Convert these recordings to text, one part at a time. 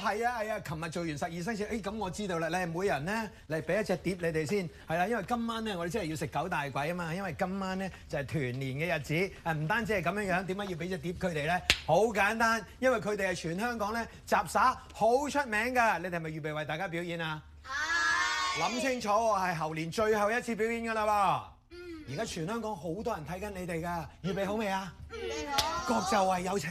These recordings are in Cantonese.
係啊係啊！琴日、啊、做完十二生肖，誒、哎、咁我知道啦。你係每人咧嚟俾一隻碟你哋先，係啦、啊，因為今晚咧我哋真係要食九大簋啊嘛。因為今晚咧就係、是、團年嘅日子，唔單止係咁樣樣，點解要俾隻碟佢哋咧？好簡單，因為佢哋係全香港咧雜耍好出名㗎。你哋係咪預備為大家表演啊？諗 Hi. 清楚係猴年最後一次表演㗎啦喎。而家、mm. 全香港好多人睇緊你哋㗎，預備好未啊？你好。各就位有請。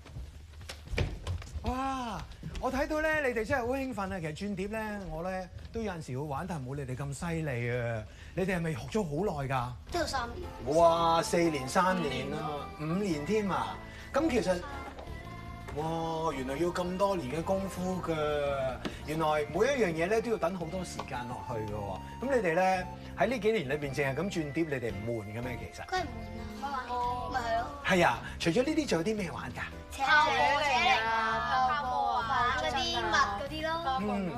哇！我睇到咧，你哋真係好興奮啊！其實轉碟咧，我咧都有陣時會玩，但冇你哋咁犀利啊！你哋係咪學咗好耐㗎？都有三年。哇！四年、三年啦，五年添啊！咁其實哇，原來要咁多年嘅功夫㗎，原來每一樣嘢咧都要等好多時間落去㗎喎。咁你哋咧喺呢幾年裏邊，淨係咁轉碟，你哋唔悶嘅咩？其實。佢唔悶啦，咪係咯。係啊！除咗呢啲，仲有啲咩玩㗎？跑跑嚟啊，跑波啊，嗰啲物嗰啲咯。嗯，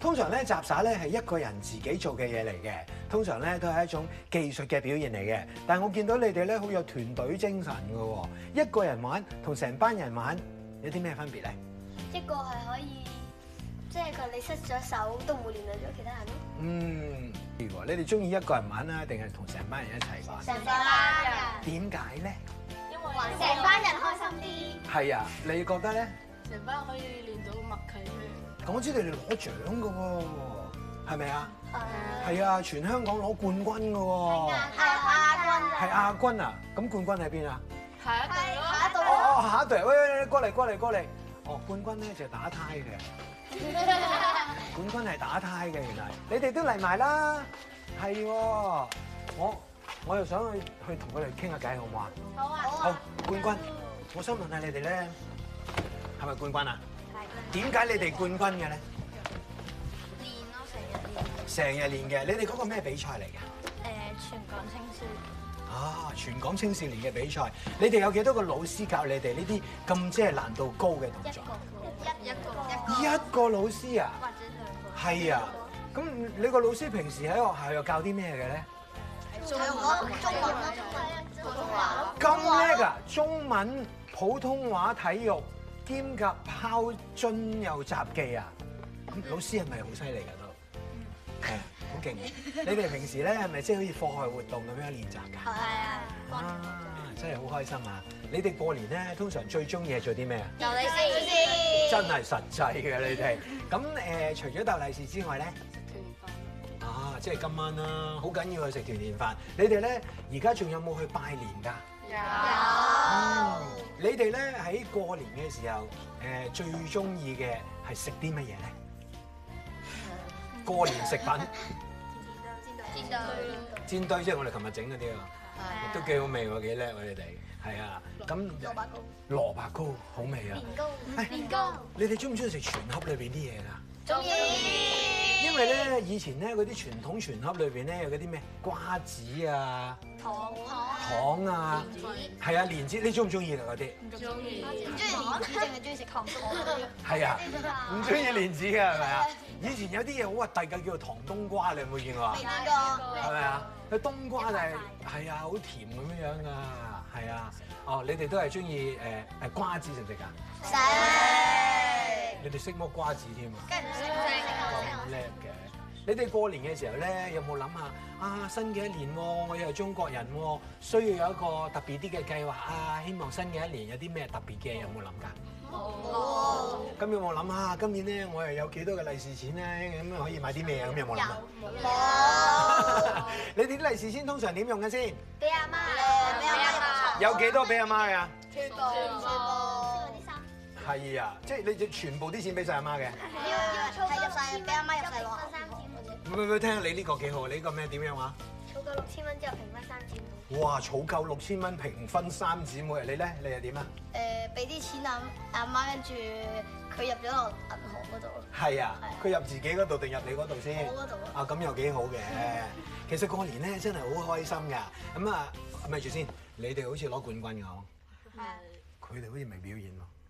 通常咧雜耍咧係一個人自己做嘅嘢嚟嘅。通常咧都係一種技術嘅表現嚟嘅。但係我見到你哋咧好有團隊精神㗎，哦，一個人玩同成班人玩有啲咩分別咧？一個係可以，即係個你失咗手都冇連累咗其他人咯。嗯，如果你哋中意一個人玩啊，定係同成班人一齊玩？成班嘅。點解咧？成班人開心啲，係啊！你覺得咧？成班可以練到默契出嚟，我知道你哋攞獎嘅喎，係咪啊？係嗎。係啊、嗯，全香港攞冠軍嘅喎。係、啊、亞軍啊。係亞軍啊，咁冠軍喺邊啊？下一隊，下一隊。哦，下一隊。喂，過嚟過嚟過嚟。哦，冠軍咧就打胎嘅。 冠軍係打胎嘅，原來。你哋都嚟埋啦，係喎。 我。我又想去去同佢哋傾下偈，好唔好啊？好啊！好，冠軍，對我想問下你哋咧，係咪冠軍啊？係。點解你哋冠軍嘅咧？的呢練咯，成日練。成日練嘅，你哋嗰個咩比賽嚟㗎？呃，全港青少年。啊，全港青少年嘅比賽，你哋有幾多個老師教你哋呢啲咁即係難度高嘅動作一？一個。一一個。一個老師啊？或者兩個。係啊，咁個你嗰個老師平時喺學校又教啲咩嘅咧？中文，中，文中文啊，文中，文啦中文啊，普通話咯。咁叻啊，中文、普通話、體育，兼及拋磚又雜技啊！老師係咪好犀利噶都？係啊，好勁！你哋平時咧係咪即係好似課外活動咁樣練習㗎？係啊。啊，真係好開心啊！你哋過年咧通常最中意係做啲咩啊？鬥利是先。真係實際嘅你哋。咁誒，除咗鬥利是之外咧？即係今晚啦，好緊要去食團年飯。你哋咧而家仲有冇去拜年㗎？有。你哋咧喺過年嘅時候，誒最中意嘅係食啲乜嘢咧？過年食品。煎堆。煎堆。煎堆即係我哋琴日整嗰啲喎。係。都幾好味喎，幾叻喎你哋。係啊。咁蘿蔔糕。蘿蔔糕好味啊。年糕。年糕。你哋中唔中意食全盒裏邊啲嘢㗎？中意。因為咧，以前咧嗰啲傳統全盒裏邊咧，有嗰啲咩瓜子啊、糖啊、糖啊、蓮子，係啊，蓮子你中唔中意啊？嗰啲唔中意，唔中意蓮子，淨係中意食糖冬瓜，係啊，唔中意蓮子嘅係咪啊？以前有啲嘢好核突嘅叫做糖冬瓜，你有冇見過啊？未聽過，係咪啊？啲冬瓜就係係啊，好甜咁樣樣㗎，係啊。哦，你哋都係中意誒係瓜子食唔食㗎？你哋識剝瓜子添啊？叻嘅，的你哋過年嘅時候咧，有冇諗下啊，新嘅一年，我又係中國人，需要有一個特別啲嘅計劃啊！希望新嘅一年有啲咩特別嘅，有冇諗㗎？冇看、oh。有，有想今年我諗下，今年咧我又有幾多嘅利是錢咧，咁可以買啲咩啊？咁有冇諗？冇。你哋啲利是錢通常點用嘅先？俾阿媽，俾阿媽。有幾多俾阿媽啊？最係啊，即係你你全部啲錢俾晒阿媽嘅，的要入晒俾阿媽入曬落。平分三姊妹。唔唔係，聽下你呢個幾好啊？你呢個咩點樣話？儲夠六千蚊之後平分三姊妹。哇！儲夠六千蚊平分三姊妹啊？你咧你又點啊？誒，俾啲錢阿阿媽，跟住佢入咗銀行嗰度。係啊，佢入自己嗰度定入你嗰度先？我嗰度啊。啊，咁又幾好嘅。其實過年咧真係好開心㗎。咁啊，咪住先，你哋好似攞冠軍咁。佢哋的好似未表演喎。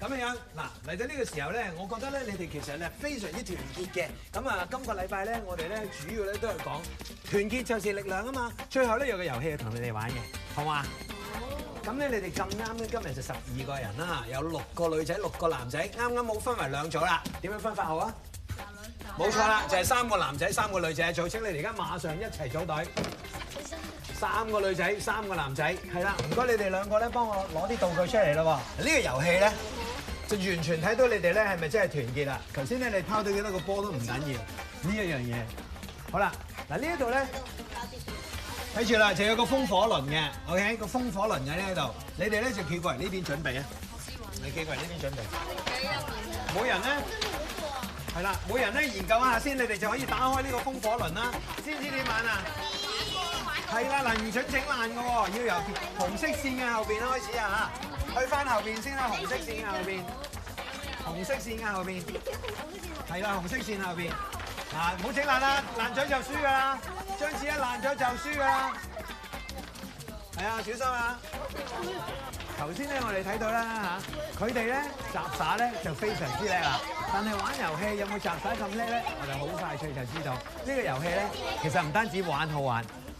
咁樣樣嗱嚟到呢個時候咧，我覺得咧，你哋其實咧非常之團結嘅。咁啊，今個禮拜咧，我哋咧主要咧都係講團結就是力量啊嘛。最後咧有個遊戲要同你哋玩嘅，好嘛？好、哦。咁咧你哋咁啱今日就十二個人啦，有六個女仔，六個男仔，啱啱好分為兩組啦。點樣分法好啊？冇錯啦，就係、是、三個男仔，三個女仔一組，請你哋而家馬上一齊組隊。三個女仔，三個男仔，係啦。唔該，你哋兩個咧，幫我攞啲道具出嚟咯喎。呢個遊戲咧，就完全睇到你哋咧係咪真係團結啦。頭先咧你拋到幾多個波都唔緊要，呢一樣嘢。好啦，嗱呢一度咧，睇住啦，就有個風火輪嘅。我喺個風火輪喺呢度，你哋咧就企過嚟呢邊準備啊。你企過嚟呢邊準備。冇人咧。係啦，每人咧研究一下先，你哋就可以打開呢個風火輪啦。知唔知點玩呀？係啦，嗱，唔準整爛噶喎，要由紅色線嘅後邊開始啊！嚇，去翻後邊先啦，紅色線後邊，紅色線嘅後邊，係啦，紅色線後邊，嗱，唔好整爛啦，爛咗就輸噶啦，張紙一爛咗就輸噶啦，係啊，小心啊！頭先咧，我哋睇到啦嚇，佢哋咧雜耍咧就非常之叻啦，但係玩遊戲有冇雜耍咁叻咧？我哋好快脆就知道呢個遊戲咧，其實唔單止玩好玩。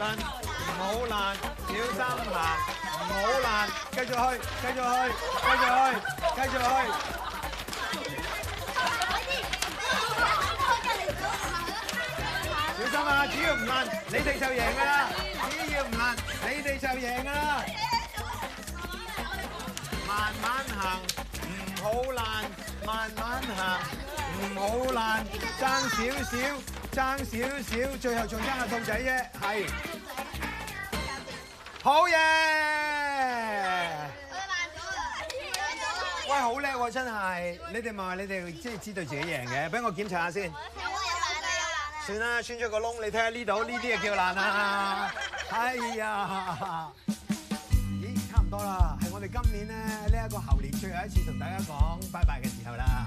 唔好爛，小心行，唔好爛，繼續去，繼續去，繼續去，繼續去。小心啊！只要唔爛，你哋就贏噶啦。只要唔爛，你哋就贏噶啦。慢慢行，唔好爛。慢慢行，唔好爛。爭少少，爭少少，最後仲爭個兔仔啫，係。好嘢！我爛咗啦，爛咗啦！喂，好叻喎，真係！你哋咪話你哋即係知道自己贏嘅，俾我檢查下先。算啦，穿咗個窿，你睇下呢度呢啲嘢叫爛啦！哎呀，咦，差唔多啦，係我哋今年呢呢一個猴年最後一次同大家講拜拜嘅時候啦。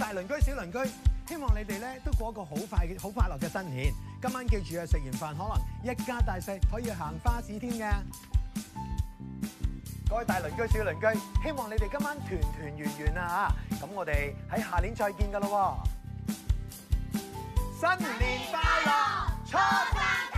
大鄰居小鄰居，希望你哋咧都過一個好快好快樂嘅新年。今晚記住啊，食完飯可能一家大細可以行花市添嘅。各位大鄰居小鄰居，希望你哋今晚團團圓圓啊！嚇，咁我哋喺下年再見㗎喇。新年快樂，初三。